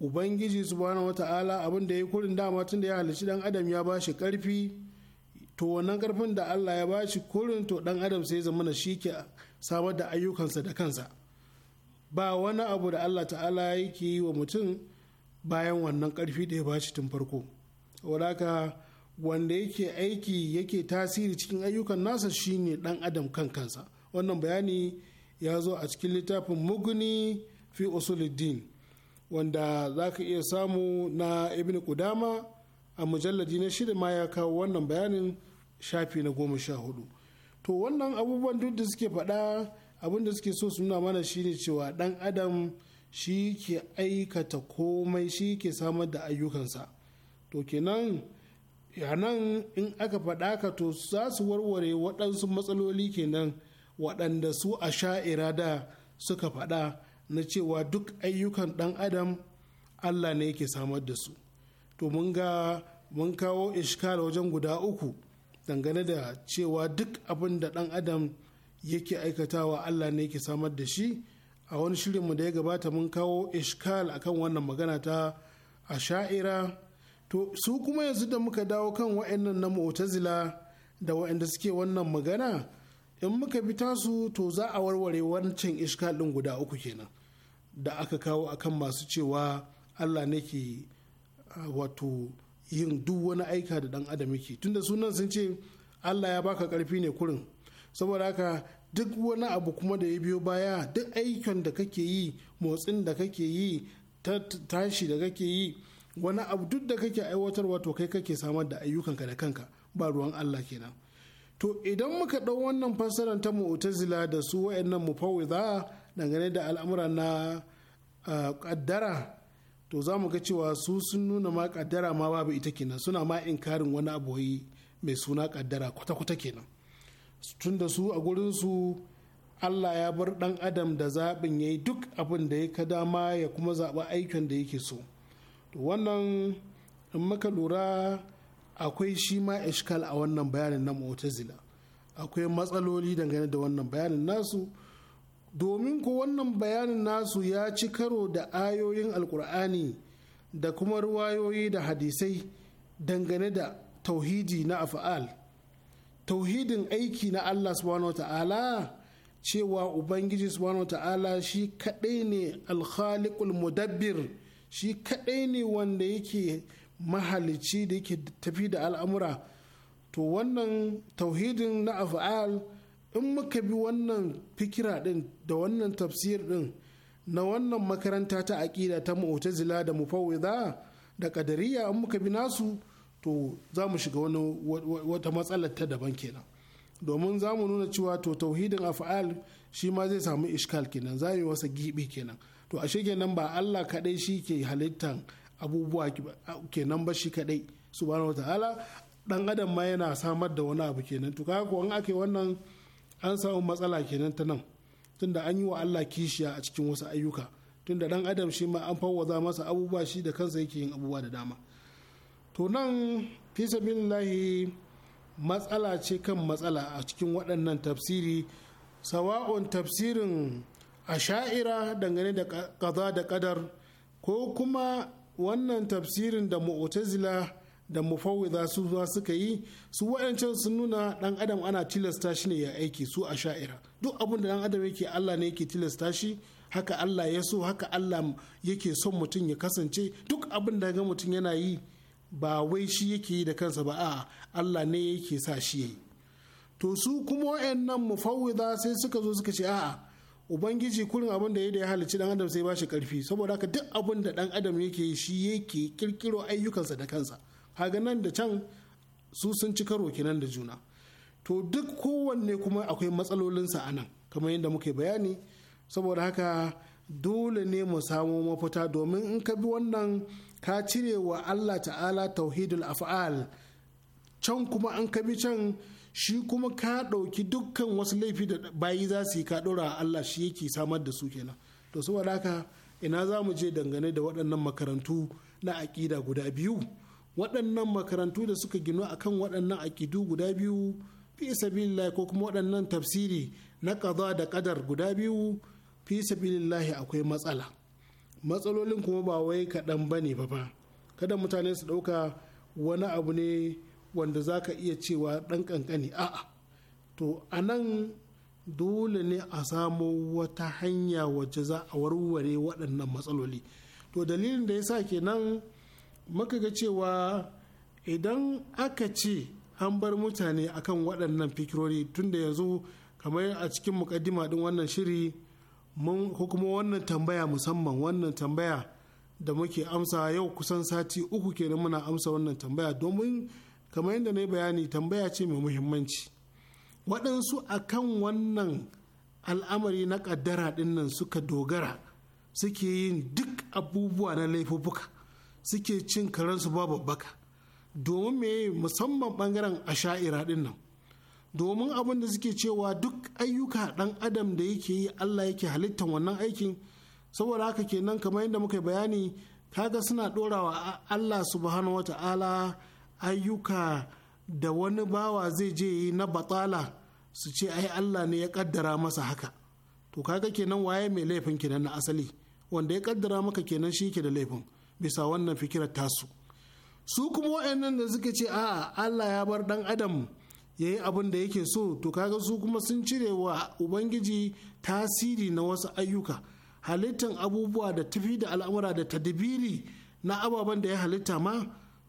F: ubangiji subhanahu wata'ala abin da ya kurin dama tun da ya halici dan adam ya ba shi karfi to wannan karfin da Allah ya ba shi kurin to dan adam sai zama na shi ke samar da ayyukansa da kansa ba wani abu da allah ta'ala yake yi wa mutum bayan wannan karfi da ya bashi tun farko wadaka wanda yake aiki yake tasiri cikin ayyukan nasa shine dan adam kan kansa wannan bayani ya zo a cikin littafin muguni fi usuluddin wanda za ka iya samu na ibn kudama a mujalladi na shida ma ya kawo wannan bayanin shafi na goma sha hudu to wannan abubuwan duk da suke faɗa abin da suke so su nuna mana shine cewa ɗan adam shi ke aikata komai shi ke samar da ayyukansa to kenan nan in aka faɗa ka to za su warware waɗansu matsaloli kenan waɗanda su a sha'ira da suka faɗa na cewa duk ayyukan ɗan adam allah ne yake samar da su to mun ga mun kawo ishkal wajen guda uku dangane da cewa duk abin da ɗan adam yake aikatawa Allah ne yake samar da shi a wani shirinmu da ya gabata mun kawo ishkal akan wannan magana ta sha'ira to su kuma yanzu da muka dawo kan wa'annan na mu'tazila da wa'anda suke wannan magana in muka bi tasu to za a warware wancan ishkal ɗin guda uku kenan da aka kawo akan masu cewa Allah ne ke wato yin duk wani aika da dan adam yake tunda sunan sun ce Allah ya baka karfi ne kurin saboda haka duk wani abu kuma da ya biyo baya duk aikin da kake yi motsin da kake yi tashi da kake yi wani abu duk da kake aiwatarwa to kai kake samar da ayyukanka da kanka ba ruwan Allah kenan to idan muka ɗau wannan fassarar ta mu'tazila da su wa'annan mufawwidha dangane da al'amura na kaddara. Ah, to za mu ga cewa su sun nuna ma kaddara ma babu ita kenan suna ma karin wani aboyi mai suna kaddara kwata-kwata kenan tun da su a gurin su Allah ya bar dan adam da zaɓin ya yi duk abin da ya ka dama ya kuma zaɓa aikin da yake so to wannan in maka lura akwai shi ma ishkal a wannan bayanin na mu'tazila akwai matsaloli dangane da wannan bayanin nasu domin ko wannan bayanin nasu ya ci karo da ayoyin alkur'ani da kuma ruwayoyi da hadisai dangane da tauhidi na afa'al tauhidin aiki na allah subhanahu ta'ala cewa ubangiji subhanahu ta'ala shi kaɗai ne alkhaliqul mudabbir shi kaɗai ne wanda yake mahalici da yake tafi da al'amura to wannan tauhidin na afa'al in muka bi wannan fikira din da wannan tafsir din na wannan makaranta ta aƙida ta mu'tazila da mufawwida da kadariya in muka bi nasu to za mu shiga wani wata matsalar ta daban kenan domin za mu nuna cewa to tauhidin af'al shi ma zai samu iskal kenan za mu wasa gibi kenan to ashe kenan ba Allah kadai shi ke halittan abubuwa kenan ba shi kadai subhanahu wataala dan adam ma yana samar da wani abu kenan to kaga ko an ake wannan an samu matsala kenan ta nan tunda an yi wa Allah kishiya a cikin wasu ayyuka tunda dan adam shi ma an fawwaza masa abubuwa shi da kansa yake yin abubuwa da dama to nan fi sabilillahi matsala ce kan matsala a cikin waɗannan tafsiri sawa'un tafsirin a sha'ira dangane da kaza da ƙadar, ko kuma wannan tafsirin da mu'tazila da mufawwiza su zuwa suka yi su wayancin sun nuna dan adam ana tilasta shi ne ya aiki su a sha'ira duk abin da dan adam yake Allah ne yake tilasta shi haka Allah ya so haka Allah yake son mutum ya kasance duk abin da ga mutum yana yi ba wai shi yake yi da kansa ba a Allah ne yake sa shi yi to su kuma wayannan mufawwiza sai suka zo suka ce a'a ubangiji kurin abin da ya da ya halici dan adam sai ba shi karfi saboda haka duk abin da dan adam yake yi shi yake kirkiro ayyukansa da kansa haga nan da can su sun ci karo kenan da juna to duk kowanne kuma akwai matsalolinsa a nan kamar yadda muke bayani saboda haka dole ne mu samu mafita domin in ka bi wannan ka cire wa Allah ta'ala tauhidul af'al can kuma an ka bi can shi kuma ka ɗauki dukkan wasu laifi da bayi za su yi ka ɗora Allah shi yake samar da su kenan to saboda haka ina za mu je dangane da waɗannan makarantu na aƙida guda biyu waɗannan makarantu da suka ginu kan waɗannan akidu guda biyu fi sabilillahi ko kuma waɗannan tafsiri na kaza da ƙadar guda biyu fi sabilillahi akwai matsala matsalolin kuma ba wai kaɗan ba ne ba ba kada mutane su ɗauka wani abu ne wanda za ka iya cewa ɗan ƙanƙani a'a to a nan dole ne a samo wata hanya wacce za a warware waɗannan matsaloli to dalilin da ya sa kenan nan muka ga cewa idan aka ce an bar mutane akan waɗannan fikirori tunda yanzu kamar a cikin mukaddima din wannan shiri mun kuma wannan tambaya musamman wannan tambaya da muke amsa yau kusan sati uku kenan muna amsa wannan tambaya domin kamar yadda na yi bayani tambaya ce mai muhimmanci waɗansu akan wannan al'amari na ƙaddara ɗinnan suka dogara suke yin duk abubuwa na laifuffuka suke cin karensu babu baka domin me musamman bangaren sha'ira din nan domin abin da suke cewa duk ayyuka dan adam da yake yi Allah yake halitta wannan aikin saboda haka kenan kamar yadda muka bayani kaga suna dorawa Allah subhanahu wata'ala ayyuka da wani bawa zai je yi na batsala su ce ai Allah ne ya kaddara masa haka to kaga kenan waye mai laifin kenan na asali wanda ya kaddara maka kenan shi ke da laifin bisa wannan fikirar tasu su kuma waɗannan da suka ce a Allah ya bar dan adam ya yi abin da yake so to kaga su kuma sun cire wa ubangiji tasiri na wasu ayyuka halittan abubuwa da tafi da al'amura da tadbiri na ababen da ya halitta ma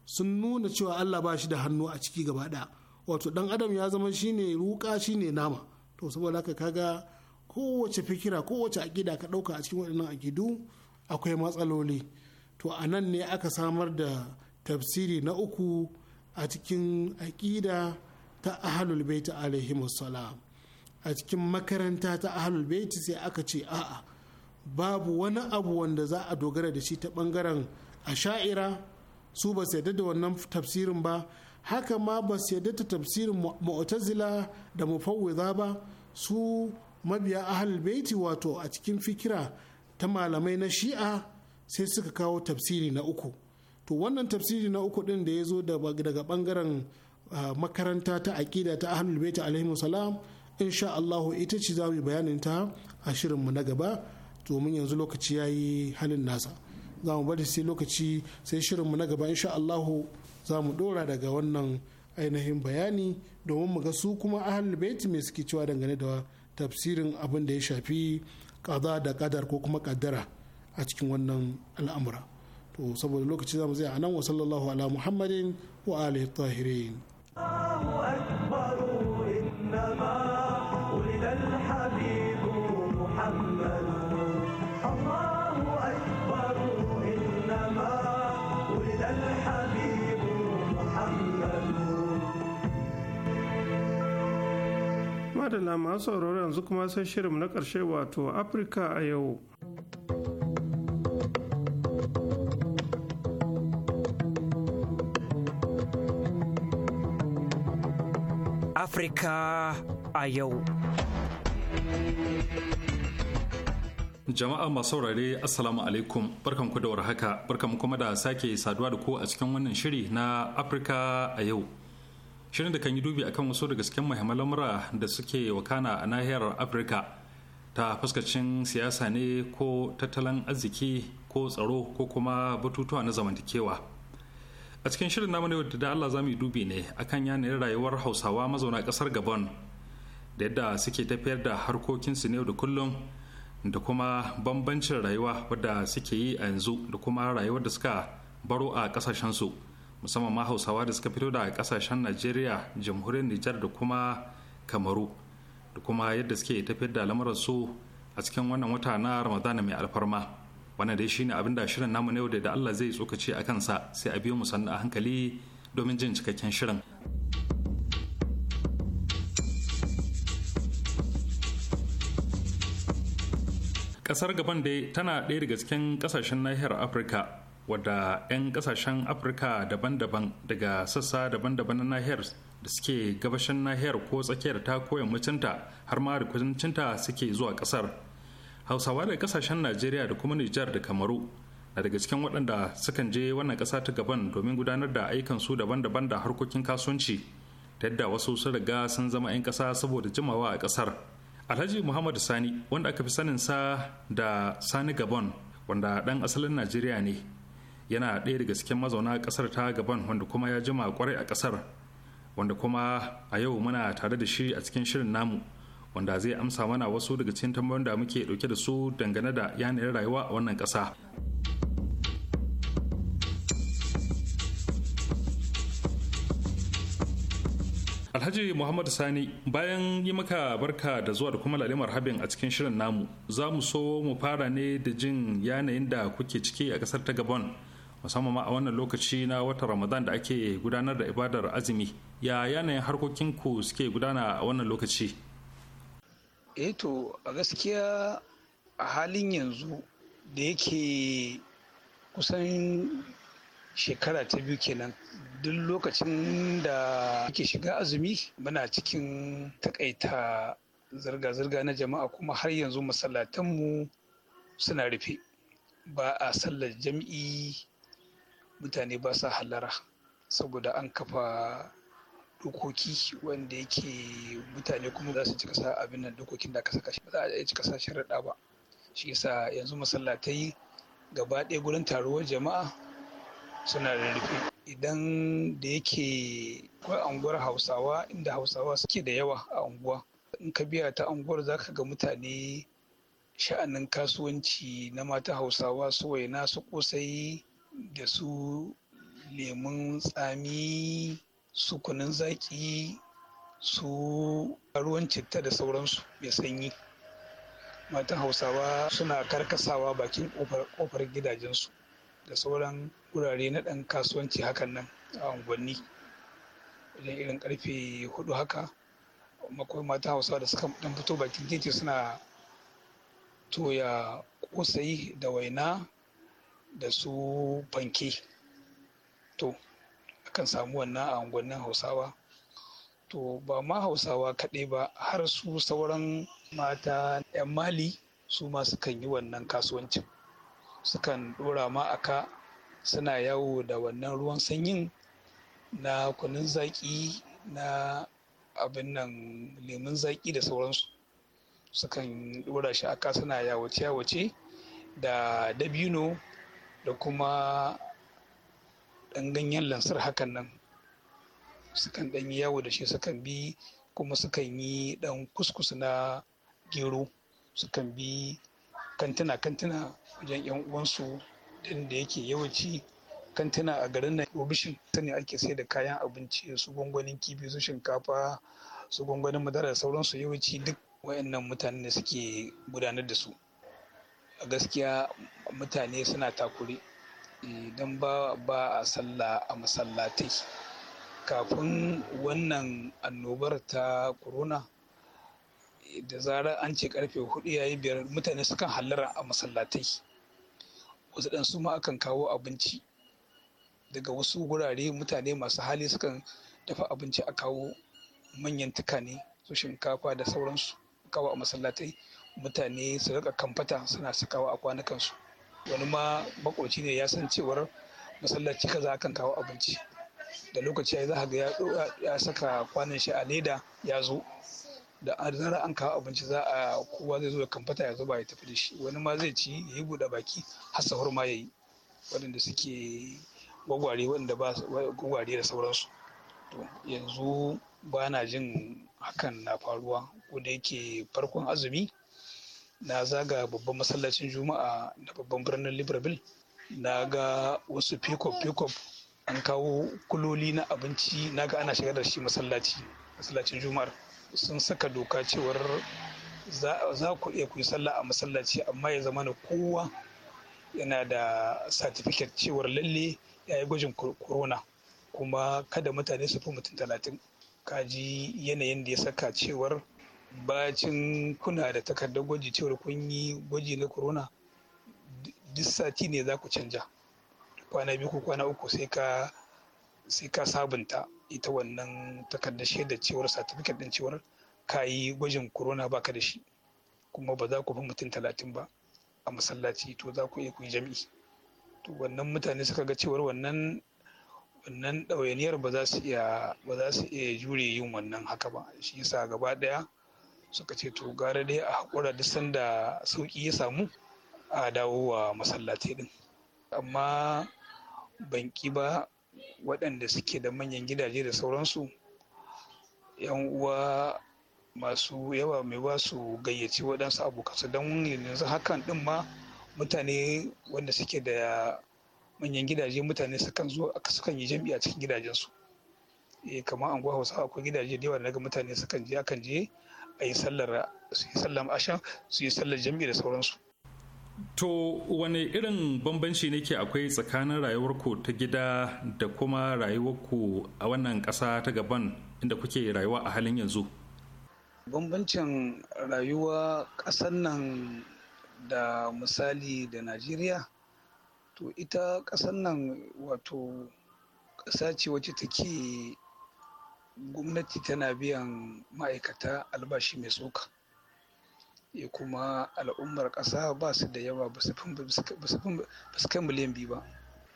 F: sun nuna cewa Allah ba shi da hannu a ciki gaba ɗaya wato dan adam ya zama shine ruka shine nama to saboda haka kaga kowace fikira kowace akida ka ɗauka a cikin waɗannan akidu akwai matsaloli to a nan ne aka samar da tafsiri na uku a cikin aƙida ta ahalul baiti salam, a cikin makaranta ta ahalul baiti sai aka ce a'a babu wani abu wanda za a dogara da shi ta bangaren asha'ira su ba su yadda da wannan tafsirin ba haka ma ba su yadda ta tafsirin mu'tazila da mufawwiza ba su mabiya ahalul baiti wato a cikin fikira ta malamai na shi'a sai suka kawo tafsiri na uku to wannan tafsiri na uku din da ya zo daga bangaren ah, makaranta ta aƙida ta ahlul baiti alaihi salam insha Allah ita ce za mu bayanin ta a shirin mu na gaba domin yanzu lokaci yayi halin nasa za mu bari sai lokaci sai shirin mu na gaba insha Allah za mu dora daga wannan ainihin bayani domin mu ga su kuma ahlul baiti mai suke cewa dangane da tafsirin abin da ya shafi kaza da kadar ko kuma kaddara a cikin wannan al'amura to saboda lokaci zamu zai anan wa sallallahu ala muhammadin wa alihi tahirin
B: madalla masu sauraro yanzu kuma sai shirin na karshe wato afirka a yau
E: Afrika a yau.
D: Jama'a masu saurare Assalamu alaikum barkan ku da warhaka barkan kuma da sake saduwa da ku a cikin wannan shiri na Afirka a yau. Shirin da kan yi dubi akan wasu daga cikin muhimman lamura da suke wakana a nahiyar Afirka ta fuskacin siyasa ne ko tattalin arziki ko tsaro ko kuma batutuwa na zamantakewa. a cikin shirin namu yau da Allah zamu mu dubi ne akan yanayin rayuwar hausawa mazauna kasar gabon da yadda suke tafiyar da harkokinsu ne da kullum da kuma bambancin rayuwa wadda suke yi a yanzu da kuma rayuwar da suka baro a su musamman ma hausawa da suka fito da kasashen najeriya jamhuriyar nijar da kuma kamaru da kuma yadda suke tafiyar da lamuransu a cikin wannan wata na ramadana mai alfarma wannan dai shine abin da shirin namu ne da Allah zai tsokace a kansa sai a biyo mu sannu a hankali domin jin cikakken shirin kasar gaban dai tana ɗaya daga cikin kasashen nahiyar afirka wadda 'yan kasashen afirka daban-daban daga sassa daban-daban na nahiyar da suke gabashin nahiyar ko tsakiyar ta ko mutunta har ma da kudancinta suke zuwa kasar hausawa da kasashen najeriya da kuma nijar da kamaru na daga cikin waɗanda sukan je wannan ƙasa ta gaban domin gudanar da ayyukan daban-daban da harkokin kasuwanci ta yadda wasu sun riga sun zama 'yan ƙasa saboda jimawa a ƙasar alhaji muhammad sani wanda aka fi sanin sa da sani gabon wanda ɗan asalin najeriya ne yana ɗaya daga cikin mazauna ƙasar ta gaban wanda kuma ya jima kwarai a ƙasar wanda kuma a yau muna tare da shi a cikin shirin namu wanda zai amsa mana wasu daga cikin tambayoyin da muke dauke da su dangane da yanayin rayuwa a wannan ƙasa. Alhaji Muhammad Sani bayan yi maka barka da zuwa da kuma lalimar habin a cikin shirin namu za mu so mu fara ne da jin yanayin da kuke ciki a kasar ta Gabon musamman a wannan lokaci na watan Ramadan da ake gudanar da ibadar azumi ya yanayin harkokin ku suke gudana a wannan lokaci.
G: eh to a gaskiya a halin yanzu da yake kusan shekara ta biyu kenan duk lokacin da yake shiga azumi muna cikin takaita zirga-zirga na jama'a kuma har yanzu masallatanmu suna rufe ba a sallar jam'i mutane ba sa halara saboda an kafa dokoki wanda yake mutane kuma za su cika sa abin nan dokokin da aka saka shi ba za a cika sa sharaɗa ba shi yasa yanzu masallatai gaba ɗaya gurin taruwar jama'a suna da rufe idan da yake akwai unguwar hausawa inda hausawa suke da yawa a unguwa in ka biya ta unguwar za ka ga mutane sha'anin kasuwanci na mata hausawa su waina su kosai da su lemun tsami su kunun zaki su ruwan citta da sauransu mai sanyi matan hausawa suna karkasawa bakin kofar gidajensu da sauran wurare na ɗan kasuwanci hakan nan a unguwanni Wajen irin karfe hudu haka makwai matan hausawa da suka dan fito bakin titi suna toya kosai da waina da su fanke to akan samu wannan a unguwannin hausawa to ba ma hausawa kaɗai ba har su sauran mata 'yan mali su ma sukan yi wannan kasuwancin sukan ɗora ma aka suna yawo da wannan ruwan sanyin na kunun zaƙi na abin nan lemun zaƙi da sauransu sukan ɗora shi aka suna yawace-yawace da dabino da kuma ɗan ganyen lansar hakan nan sukan ɗan yi yawo da shi sukan bi kuma sukan yi ɗan kuskus na gero sukan bi kantina kantina wajen yan uwansu inda yake yawanci kantina a garin nan obishin ta ne ake sai da kayan abinci su gwangwanin kifi su shinkafa su gwangwanin madara da sauransu yawanci duk wayannan mutane ne suke gudanar da su a gaskiya mutane suna takuri idan eh, ba a sallah a masallatai kafin wannan annobar ta corona da zarar an ce karfe hudu yayi biyar mutane sukan hallara a masallatai wasu dan su ma akan kawo abinci daga wasu wurare mutane masu hali sukan dafa abinci a kawo manyan tukane su shinkafa da sauransu kawo a masallatai mutane su rika kamfata suna sakawa a su. wani ma makoci ne ya san cewar masallaci kaza akan kawo abinci da lokaci ya ga ya saka kwanan shi a leda ya zo da zara an kawo abinci za a kowa zai zo da kamfata ya zuba ya tafi da shi wani ma zai ci ya yi buɗe baki har sahur ma ya yi waɗanda suke gwagware waɗanda ba gwagware da sauransu to yanzu ba na jin hakan na faruwa ko da yake farkon azumi na zaga babban masallacin juma'a na babban birnin libreville na ga wasu pikop-pikop an kawo kuloli na abinci na ga ana shigar da shi masallaci masallacin juma'ar sun saka doka cewar za ku iya kuyi sallah a masallaci amma ya zama na kowa yana da satifiket cewar lalle ya yi gwajin corona kuma kada mutane su fi mutum talatin kaji yanayin da ya saka cewar bacin kuna da takardar gwaji cewar kun yi gwaji na corona duk sati ne za ku canja kwana biyu ko kwana uku sai ka sabunta ita wannan takardar shaidar cewar certificate din cewar ka yi gwajin corona baka da shi kuma ba za ku bi mutum talatin ba a masallaci to za ku iya ku yi jami'i to wannan mutane suka ga cewar wannan wannan ɗawainiyar ba za su iya ba za su iya jure yin wannan haka ba shi yasa gaba ɗaya suka ce to gara dai a haƙura duk sanda sauƙi ya samu a dawo wa masallatai din amma banki ba waɗanda suke da manyan gidaje da sauransu yan uwa masu yawa mai ba su gayyaci waɗansu abokansu don yanzu hakan din ma mutane wanda suke da manyan gidaje mutane sukan zo sukan yi jam'i a cikin gidajensu eh, kamar anguwa hausa akwai gidaje da yawa daga mutane sukan je akan je a yi sallar su yi sallar asha su yi sallar jam'i da sauransu
D: to wani irin bambanci ne ke akwai tsakanin rayuwarku ta gida da kuma rayuwarku a wannan ƙasa ta gaban inda kuke rayuwa a halin yanzu
G: bambancin rayuwa ƙasar nan da misali da najeriya to ita ƙasar nan wato ƙasa ce wacce take gwamnati tana biyan ma'aikata albashi mai tsoka kuma al'ummar ƙasa ba su da yawa ba su kai miliyan biyu ba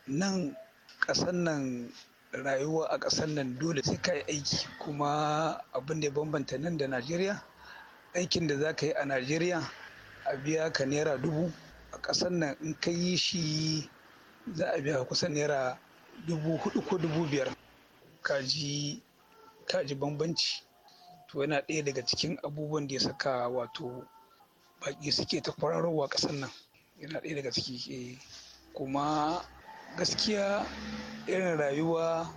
G: nan ƙasan nan rayuwa a ƙasar nan dole sai ka yi aiki kuma abin da ya bambanta nan da najeriya aikin da za ka yi a najeriya a biya ka naira dubu a ƙasar nan in ka yi shi za a biya kusan naira dubu hudu ko dubu biyar ka ji ka ji bambanci to yana ɗaya daga cikin abubuwan da ya saka wato baƙi suke ta kwararowa ƙasar nan yana ɗaya daga ciki eh. kuma gaskiya irin rayuwa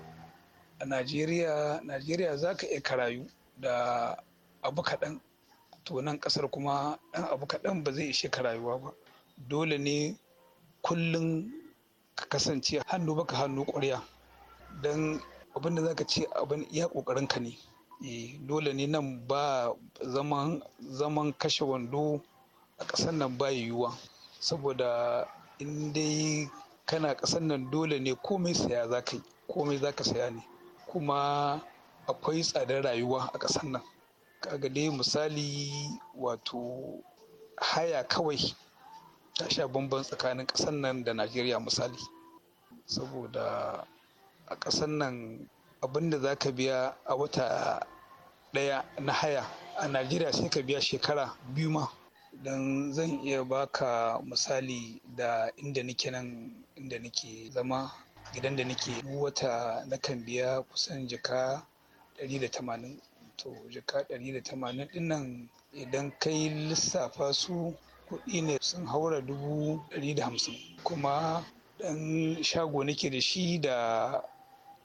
G: a najeriya najeriya za ka iya karayu da abu kaɗan to nan ƙasar kuma ɗan abu kaɗan ba zai ishe ka rayuwa ba dole ne kullum ka kasance hannu baka hannu ƙwarya don abin da zaka ce abin iya kokarin ka ne eh, dole ne nan ba zaman zaman kashe wando a ƙasar nan ba yiwuwa saboda in dai kana ƙasar nan dole ne komai saya za ka yi komai za ka saya ne kuma akwai tsadar rayuwa a ƙasar nan kaga dai misali wato haya kawai ta sha bamban tsakanin ƙasar nan da najeriya misali saboda a ƙasar nan abinda za ka biya a wata ɗaya na haya a najeriya sai ka biya shekara biyu ma don zan iya baka misali da inda nake nan inda nake zama gidan da nake wata nakan biya kusan jika 180 to jika 180 din nan idan kai lissafa su kuɗi ne sun haura dubu 150 kuma ɗan shago nake da shi da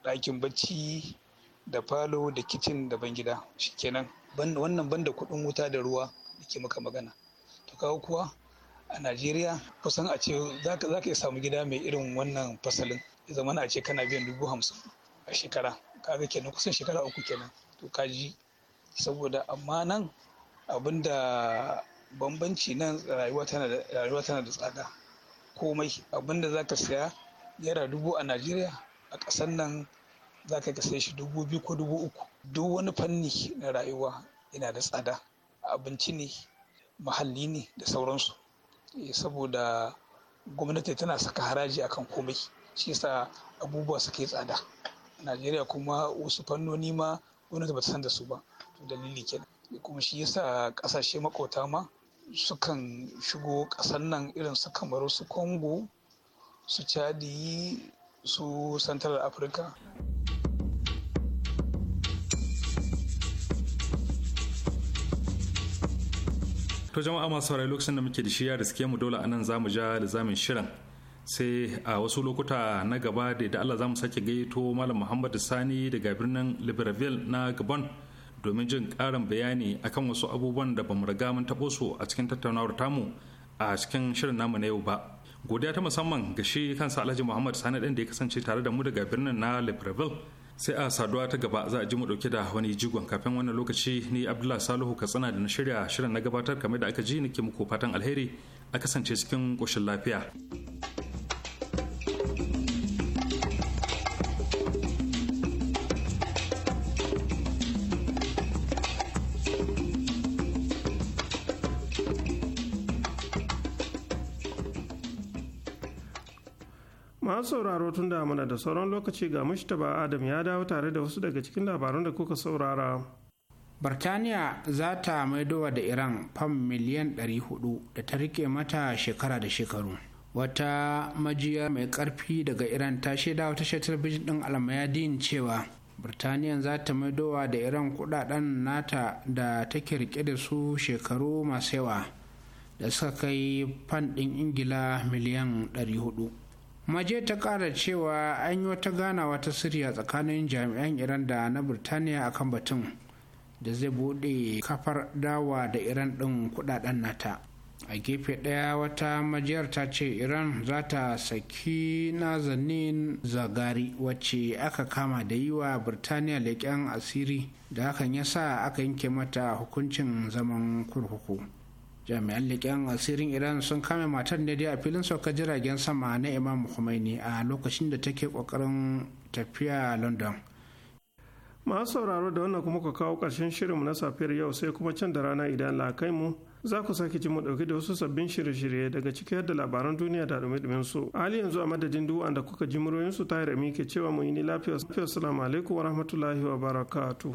G: ɗakin bacci da falo da kicin da bangida shikenan wannan banda kuɗin wuta da ruwa da ke maka magana to kawo kuwa a najeriya kusan a ce za ka iya samu gida mai irin wannan fasalin ya zama a ce kana biyan dubu hamsin a shekara kaga kenan kusan shekara uku kenan to ka ji saboda amma nan abinda bambanci nan rayuwa tana da tsada komai abinda za ka saya naira dubu a najeriya a ƙasar nan za ka ga sai shi dubu biyu ko dubu uku duk wani fanni na rayuwa yana da tsada abinci ne mahalli ne da sauransu eh, saboda gwamnati tana saka haraji akan komai shi yasa abubuwa suke tsada najeriya kuma wasu fannoni ma gwamnati ta san da su ba to dalili kenan kuma shi yasa kasashe makota ma sukan shigo ƙasar nan irin su kamaru su congo su chadi su central africa
D: to jama'a masu saurari lokacin da muke da shi ya riske mu dole anan zamu ja da zamin shirin sai a wasu lokuta na gaba da da Allah zamu sake gaito malam Muhammadu Sani daga birnin Libreville na Gabon domin jin karin bayani akan wasu abubuwan da bamu riga mun taɓo su a cikin tattaunawar tamu a cikin shirin namu na yau ba godiya ta musamman ga shi kansa alhaji muhammad sani ɗin da ya kasance tare da mu daga birnin na libreville sai a saduwa ta gaba za a ji mu ɗauke da wani jigon kafin wannan lokaci ni abdullah salihu katsina da na shirya shirin na gabatar kamar da aka ji nake muku fatan alheri a kasance cikin ƙoshin lafiya.
B: masu sauraro tun da muna da sauran lokaci ga mashtaba adam ya dawo tare da wasu daga cikin labaran da
C: kuka saurara Birtaniya za ta maidowa da Iran fam miliyan 400 da ta rike mata shekara da shekaru. Wata majiya mai karfi daga Iran ta shaida wata talabijin ɗin almayadin cewa Birtaniya za ta maidowa da Iran kudaden nata da take rike da su shekaru masu yawa da suka kai fam ɗin Ingila miliyan 400. maje ta kara cewa an yi wata ganawa ta siriya tsakanin jami'an iran da na birtaniya akan batun da zai bude kafar dawa da iran din kudaden nata a gefe daya wata majiyar ta ce iran za ta saki nazanin zagari wacce aka kama da yi wa birtaniya leƙen asiri da hakan ya sa aka yanke mata hukuncin zaman kurkuku jami'an leƙen asirin iran sun kame matar ne dai a filin sauka jiragen sama na imam khomeini a lokacin da take kokarin tafiya a london
B: masu sauraro da wannan kuma ka kawo ƙarshen shirinmu na safiyar yau sai kuma can da rana idan lakai mu za ku sake ji mu ɗauki da wasu sabbin shirye-shirye daga ciki da labaran duniya da dumi-dumin su hali yanzu a madadin duwan da kuka ji su ta yi ke cewa mu yi ni lafiya salamu alaikum wa rahmatullahi wa barakatu